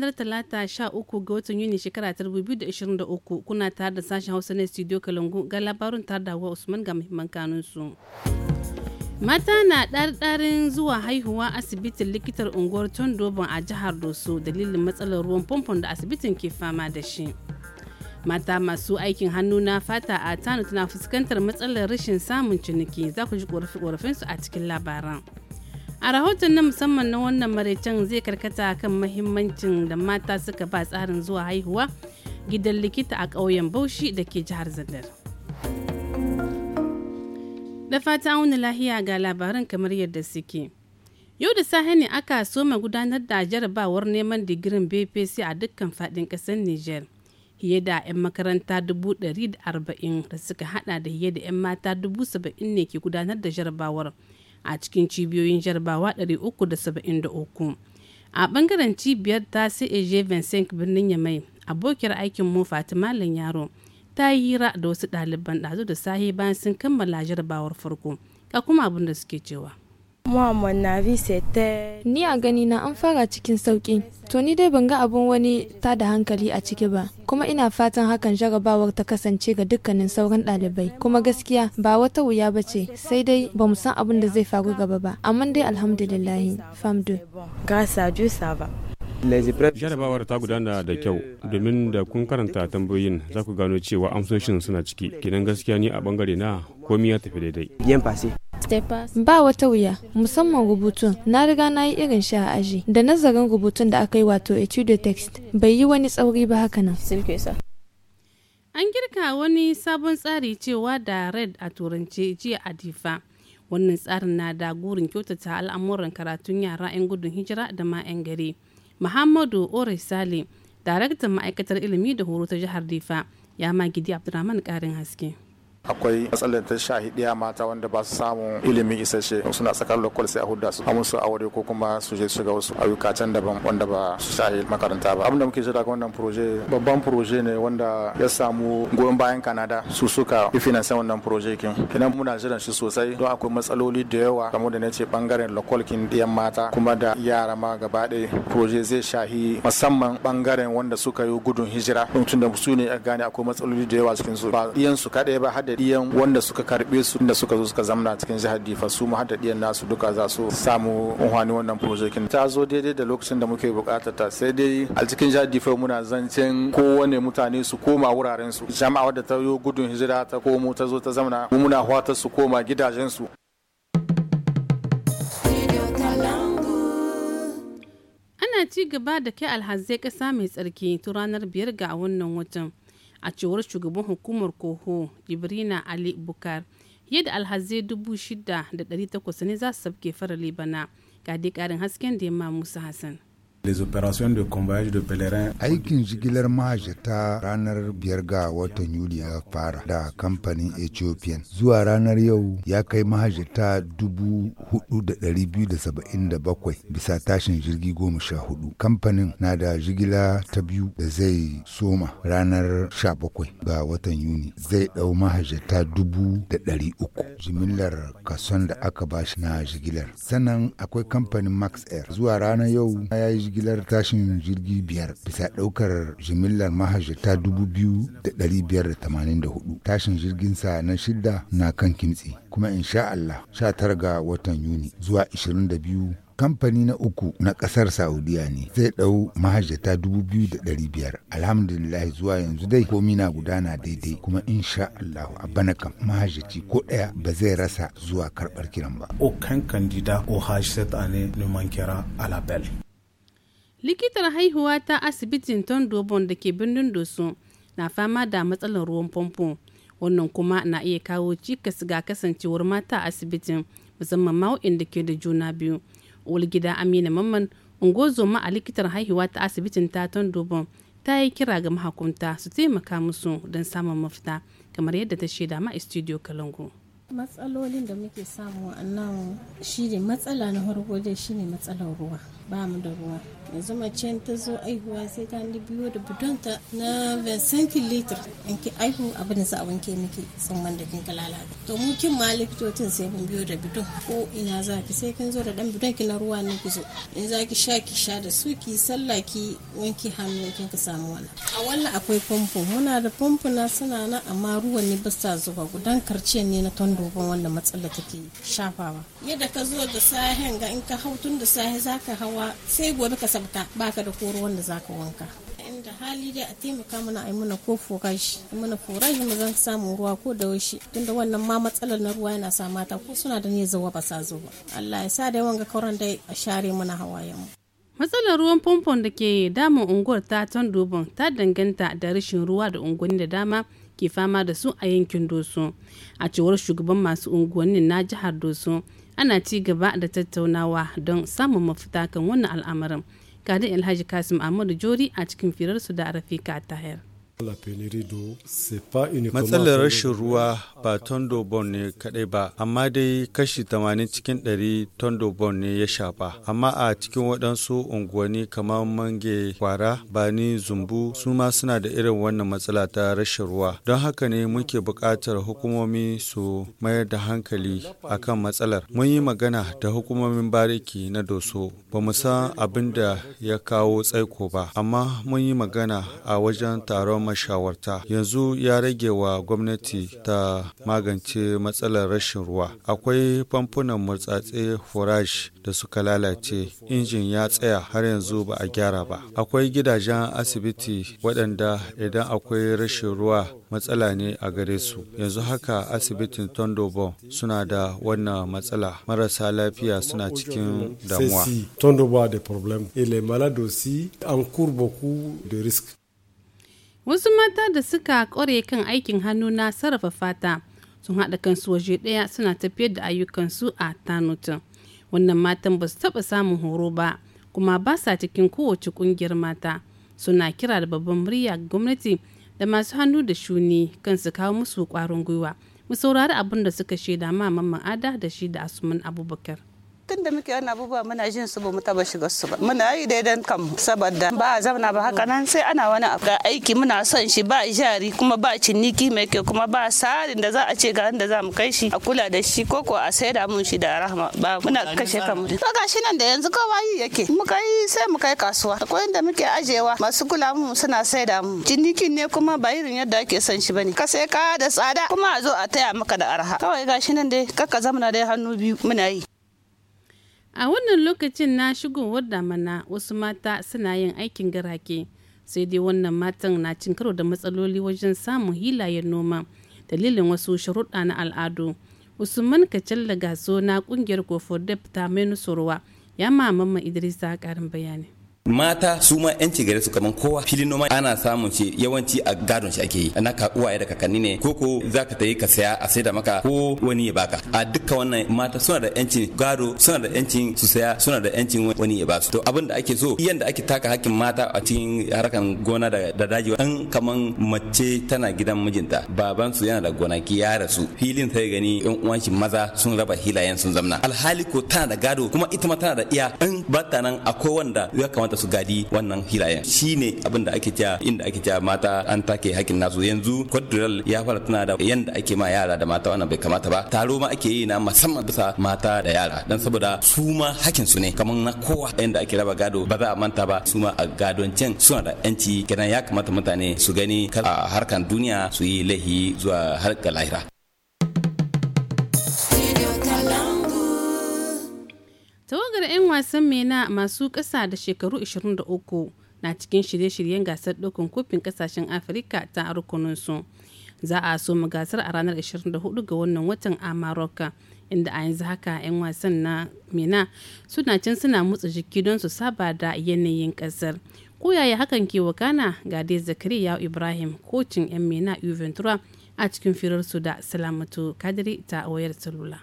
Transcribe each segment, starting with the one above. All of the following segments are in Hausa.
ranar talata 13 ga watan yuni shekara 2023 kuna tare da sashen hausa na studio kalangu ga labarin tare da wa usman ga muhimman kanunsu mata na ɗarɗarin zuwa haihuwa asibitin likitar unguwar tondobon a jihar doso dalilin matsalar ruwan famfon da asibitin ke fama da shi mata masu aikin hannu na fata a tano tana fuskantar matsalar rashin samun ciniki za ku ji ƙorafi-ƙorafinsu a cikin labaran. a rahoton na musamman na wannan maraicen zai karkata kan mahimmancin da mata suka ba tsarin zuwa haihuwa gidan likita a ƙauyen baushi da ke jihar zandar da fata wani lahiya ga labaran kamar yadda suke yau da sahi ne aka soma gudanar da jarabawar neman digirin bpc a dukkan faɗin ƙasar Nijar, fiye da 'yan makaranta 140 da suka hada da fiye da 'yan mata 70 ne ke gudanar da jarabawar a cikin cibiyoyin jarabawa 373 a bangaren cibiyar ta CAG Vincent birnin Yamai abokiyar aikin mu Fatima lan yaro ta yi hira da wasu ɗaliban ɗazu da sahi bayan sun kammala jarabawar farko ga kuma abin da suke cewa. Ni a gani na an fara cikin sauƙi. To ni dai ban ga abin wani tada hankali a ciki ba, kuma ina fatan hakan jarabawar ta kasance ga dukkanin sauran ɗalibai. Kuma gaskiya ba wata wuya ba ce, sai dai ba mu san abin da zai faru gaba ba, amma dai alhamdulillahi, famdu. jarabawar ta gudana da kyau domin da kun karanta tambayoyin za ku gano cewa amsoshin suna ciki kinan gaskiya ne a bangare na komi ya tafi daidai ba wata wuya musamman rubutun na riga na yi irin sha a aji da nazarin rubutun da aka yi wato etude text bai yi wani tsauri ba haka nan an girka wani sabon tsari cewa da red a turance jiya a difa wannan tsarin na da gurin kyautata al'amuran karatun yara 'yan gudun hijira da ma 'yan gari muhammadu ori sale daraktan ma'aikatar ilimi da horo ta jihar difa ya ma gidi abdulrahman karin haske akwai matsalar ta shahi ɗiya mata wanda ba su samun ilimi isasshe suna tsakar lokal sai a huda su a musu aure ko kuma su je ga wasu ayyuka can daban wanda ba su shahi makaranta ba abin da muke jira ga wannan proje babban proje ne wanda ya samu goyon bayan kanada su suka yi finansan wannan proje kin kenan muna jiran shi sosai don akwai matsaloli da yawa kamar da nace bangaren lokal kin ma mata kuma da yara ma gaba ɗaya proje zai shahi musamman bangaren wanda suka yi gudun hijira tun da su ne gane akwai matsaloli da yawa cikin su ba iyan su kaɗai ba har da wanda suka karbe su da suka zo suka zamna cikin jihar Difa su ma har nasu duka za su samu unhwani wannan projekin ta zo daidai da lokacin da muke bukata ta sai dai a cikin jihar Difa muna zancen kowane mutane su koma wuraren su jama'a da ta yi gudun hijira ta komo ta zo ta zamna muna hwata su koma gidajen su ana ci gaba da kai alhazai kasa mai tsarki tun ranar biyar ga wannan watan a cewar shugaban hukumar koho jibrina ali bukar yadda alhazai takwas ne za su sabke farale bana ga dai karin hasken da ma musa hassan les de de Aikin jigilar mahajjata ranar biyar ga watan Yuli ya fara da kamfanin Ethiopian. Zuwa ranar yau ya kai mahajjata bakwai. bisa tashin jirgi goma sha hudu. Kamfanin na da jigila ta biyu da zai soma ranar bakwai ga watan Yuni. Zai ɗau mahajjata uku. jimillar kason da aka bashi na jigilar. Sannan akwai kamfanin Max Air. Zuwa ranar yau ya yi jigilar tashin jirgi biyar bisa ɗaukar jimillar mahajjata 2,584 tashin jirgin sa na shidda na kan kimtsi kuma insha Allah 19 ga watan Yuni zuwa 22 kamfani na uku na kasar saudiya ne zai ɗau mahajjata 2,500 alhamdulillah zuwa yanzu dai komi na gudana daidai kuma insha Allah a bana kan mahajjaci ko ɗaya ba zai rasa zuwa karbar kiran ba. Aucun Kandida o Hajj cette ne manquera kira alabel likitar haihuwa ta asibitin tondobon da ke birnin doso na fama da matsalar ruwan famfo wannan kuma na iya kawo cikas ga kasancewar mata asibitin musamman mawa da ke da juna biyu gida amina mamman ungozoma a likitar haihuwa ta asibitin ta tondobon ta yi kira ga mahakunta su taimaka musu don samun mafita kamar yadda ta shaida ma studio kalangu. matsalolin da muke samu a nan shi ne matsala na farko dai shi ne matsalar ruwa ba mu da ruwa yanzu mace ta zo aihuwa sai ta biyo da budonta na vincent litre in ki aihu abin za a wanke miki sun wanda kin lalata to mu kin ma likitocin sai mun biyo da bidon ko ina za ki sai kin zo da dan bidon ki na ruwa ne ki zo in za ki sha ki sha da su ki sallah ki wanke hannu kin ka samu wannan a wannan akwai famfo muna da famfuna suna nan amma ruwan ne ba sa zuba gudan karce ne na tondobon wannan matsala take shafawa yadda ka zo da sahen ga in ka hau tun da sahe za ka hau yawa sai gobe ka sabta baka da koro wanda zaka wanka inda hali dai a taimaka mana a yi mana ko furashi a mana furashi mu zan samu ruwa ko da washi tunda wannan ma matsalar na ruwa yana sa mata ko suna da ne zawa ba sa zo ba Allah ya sa yawan ga kauran dai a share mana hawayen mu matsalar ruwan famfon da ke damun unguwar ta tondobon ta danganta da rashin ruwa da unguwanni da dama ke fama da su a yankin doso a cewar shugaban masu unguwannin na jihar doso ana ci gaba da tattaunawa don samun mafita kan wannan al'amarin kadin alhaji kasim ahmadu jori a cikin firarsu da rafika tahir Matsalar rashin ruwa ba tondo bon ne kadai ba, amma dai kashi 80 cikin 100 tondo bon ne ya shafa. Amma a cikin waɗansu unguwanni kamar Mange, Kwara, Bani, Zumbu su ma suna da irin wannan matsala ta rashin ruwa. Don haka ne muke buƙatar hukumomi su mayar da hankali akan matsalar. Mun yi magana da hukumomin bariki na Doso, ba mu san abin da ya kawo tsaiko ba, amma mun yi magana a wajen taron mashawarta yanzu ya rage wa gwamnati ta magance matsalar rashin ruwa akwai famfunan murtsatse forage da suka lalace injin ya tsaya har yanzu ba a gyara ba akwai gidajen asibiti waɗanda idan akwai rashin ruwa matsala ne a gare su yanzu haka asibitin tondobo suna da wannan matsala marasa lafiya suna cikin damuwa tondobon de risques wasu mata da suka kware kan aikin hannu na sarrafa fata sun haɗa kansu waje ɗaya suna tafiyar da ayyukansu a tanutu wannan matan ba su taɓa samun horo ba kuma ba sa cikin kowace ƙungiyar mata suna kira da babban murya gwamnati da masu hannu da shuni kan su kawo musu ƙwarin gwiwa mu saurari abin da suka shaida ma mamman ada da shi da asuman abubakar tun da muke wani abubuwa muna jin su ba mu taba shiga su ba muna yi daidan mu saboda ba a zauna ba haka nan sai ana wani abu ga aiki muna son shi ba jari kuma ba ciniki mai kyau kuma ba sarin da za a ce ga inda za mu kai shi a kula da shi ko ko a saida mun shi da rahama ba muna kashe kanmu to gashi nan da yanzu kowa yi yake mu kai sai mu kai kasuwa akwai inda muke ajewa masu kula mu suna saida mu cinikin ne kuma ba irin yadda ake son shi bane ka sai ka da tsada kuma a zo a taya maka da arha kawai gashi nan dai kaka dai hannu biyu muna yi A wannan lokacin na shigowar damana wasu mata suna yin aikin garake sai dai wannan matan na cin karo da matsaloli wajen samun hilayen noma dalilin wasu sharuɗa na al'adu. Usman Kacalla Gaso na ƙungiyar Kofodep ta nusurwa ya mamman Idrisa ƙarin bayani. mata su ma yanci gare su kaman kowa filin noma ana samun shi yawanci a gadon shi ake yi na ka uwaye da kakanni ne ko ko zaka ta yi ka saya a saida maka ko wani ya baka a duka wannan mata suna da yancin gado suna da yancin su saya suna da yancin wani ya basu to abin da ake so yanda ake taka hakkin mata a cikin harkan gona da daji an kaman mace tana gidan mijinta Baban su yana da gonaki ya rasu filin sai gani yan uwan shi maza sun raba hilayen sun zamna alhali ko tana da gado kuma ita ma tana da iya in ba nan akwai wanda ya kamata kamata su gadi wannan hilayen ne abin da ake cewa inda ake cewa mata an take hakin nasu yanzu kwadural ya fara tana da yanda ake ma yara da mata wannan bai kamata ba taro ma ake yi na musamman bisa mata da yara dan saboda su ma hakin su ne kamar na kowa yanda ake raba gado ba za a manta ba su ma a gadoncin suna da yanci kenan ya kamata mutane su gani a harkan duniya su yi lahi zuwa harkar lahira wasan mena masu ƙasa da shekaru 23 na cikin shirye-shiryen gasar ɗaukan kofin ƙasashen afirka ta rukuninsu za a so mu gasar a ranar 24 ga wannan watan a maroka inda a yanzu haka 'yan wasan na mena suna can suna motsa jiki don su saba da yanayin ƙasar koyaya hakan ke wakana ga dai zakariya ibrahim kocin 'yan mena juventura a cikin firarsu da salamatu kadiri ta wayar salula.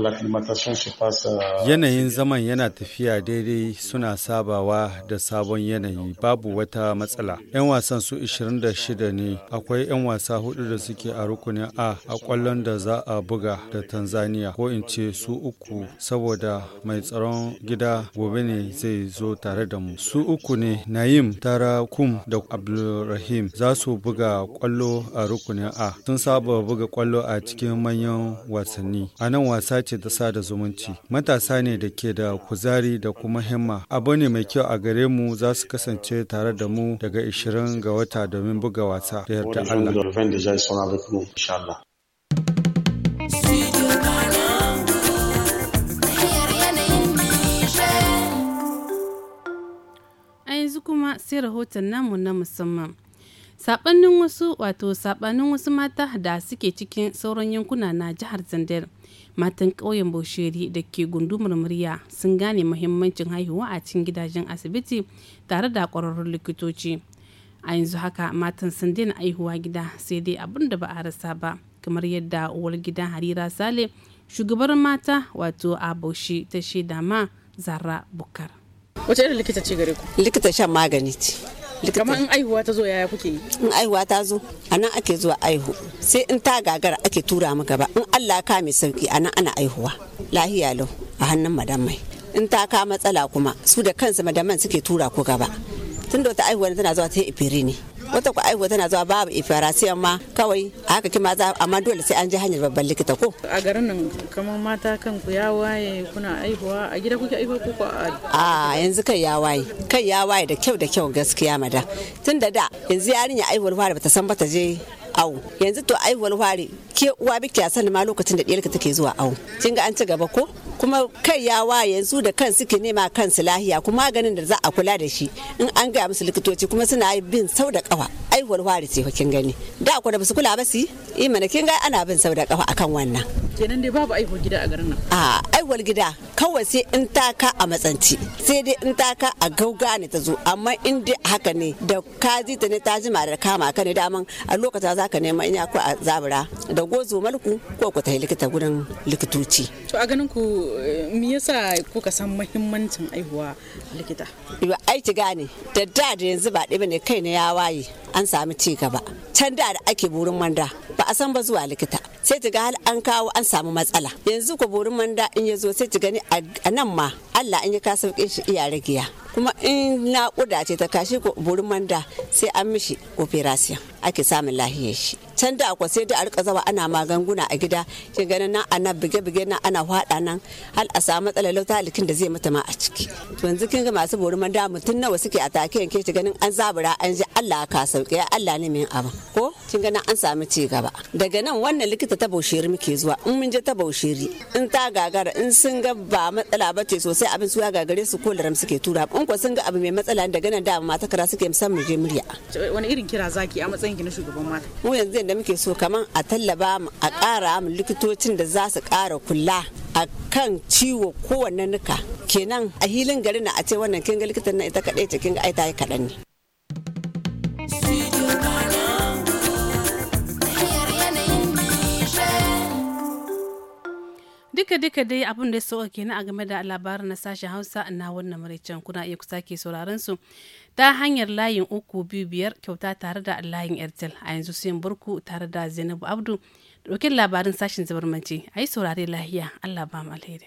Euh, Yanayin zaman yana tafiya daidai suna sabawa da sabon yanayi babu wata matsala. 'Yan wasan su 26 ne akwai 'yan wasa hudu da suke a rukunin A a kwallon da za a buga da Tanzania ko in ce su uku saboda mai tsaron gida gobe ne zai zo tare da mu. Su uku ne Naim Tarakum da Abdulrahim za su buga kwallo a rukunin A. Sun saba buga kwallo a cikin manyan wasanni. A nan wasa ce ta sada zumunci. Matasa ne da ke da kuzari da kuma himma. Abu ne mai kyau a gare mu za su kasance tare da mu daga 20 ga wata domin buga wasa da yarda Allah. A yanzu kuma sai rahoton namu na musamman. Sabanin wasu wato saɓanin wasu mata da suke cikin sauran yankuna na jihar Zandar. matan ƙauyen bosheri da ke gundumar murya sun gane muhimmancin haihuwa a cikin gidajen asibiti tare da ƙwararrun likitoci a yanzu haka matan sun daina aihuwa gida sai dai abin da ba a rasa ba kamar yadda uwar gida harira sale shugabar mata wato a bauchi ta shaida ma zara bukar wace irin likita ce gare ku likita shan magani ce kamar in aihuwa ta zo yaya kuke yi in aihuwa ta zo a ake zuwa aihu sai in ta gagara ake tura mu gaba in allah ka mai sauki anan ana aihuwa lahiya lau a hannun mai in ta ka matsala kuma su da kansu madaman suke tura ku gaba tun da wata aihuwa tana zuwa ta ifiri ne wata ku aiko tana zuwa babu sai amma kawai haka kima za amma dole sai an je hanyar babban likita ko a garin nan kamar mata kan ku ya waye kuna aihuwa a gida kuke aihuwa ko a yanzu kai ya waye kai ya waye da kyau da kyau gaskiya mada tun da da yanzu yarinya aihuwar fara bata san bata je au yanzu to aihuwar fara ke uwa biki a sanin ma lokacin da diyarka take zuwa au kin ga an ci gaba ko kuma kai ya wa yanzu da kan suke nema kansu lahiya kuma maganin da za a kula da shi in an gaya musu likitoci kuma suna bin sau da kawa ai wari ce kin gani da ku da basu kula ba su yi eh mana kin ga ana bin sau da kawa akan wannan kenan dai babu aihuwar gida a garin nan a aihuwar gida kawai sai in taka a matsanci sai dai in taka a gauga ne ta zo amma in dai haka ne da ka ji ta ne ta jima da kama ka ne daman a lokacin za ka nema in ya ku a zabura da gozo malku ko ku ta likita gurin likitoci to a ganin ku eh, me yasa kuka san muhimmancin aihuwa likita aiki gane da da da yanzu ba ɗaya ne kai na ya waye an sami ci gaba can da da ake burin manda ba a san ba zuwa likita sai ta ga hal an kawo an samu matsala yanzu ko burin manda in ya zo sai ki gani a nan ma Allah in ya ka saukin shi iya ragiya kuma in na ce ta kashi burin manda sai an mishi operation ake samun lahiyar shi can da akwai sai da a rika ana maganguna a gida kin ganin nan ana bige-bige nan ana hwada nan har a samu matsalar lauta da zai mata ma a ciki yanzu kin ga masu bori manda mutum nawa suke a take yanke ki ganin an zabura an ji Allah ka sauke ya Allah ne min abin ko kin ga nan an samu ci gaba daga nan wannan likita ta Bauchiri muke zuwa in mun je ta Bauchiri in ta gagara in sun ga ba matsala ba ce sosai abin su ya gagare su ko laram suke tura in ko sun ga abu mai matsala daga nan da mata kara suke musamman je murya wani irin kira zaki a matsayin ki na shugaban mata mu yanzu da muke so kamar a tallaba mu a ƙara mu likitocin da za su ƙara kula a kan ciwo kowanne nuka kenan a hilin garin na a ce wannan kinga likitan na ita kaɗai ce kinga aita yi kaɗan ne. duka duka dai abin da ya sauka kenan a game da labarin na sashen hausa na wannan maraicen kuna iya kusa ke sauraron su ta hanyar layin uku biyu biyar kyauta tare da layin airtel a yanzu sai burku tare da zainabu abdu ɗaukin labarin sashen zabarmanci a yi saurare lahiya allah ba mu alheri.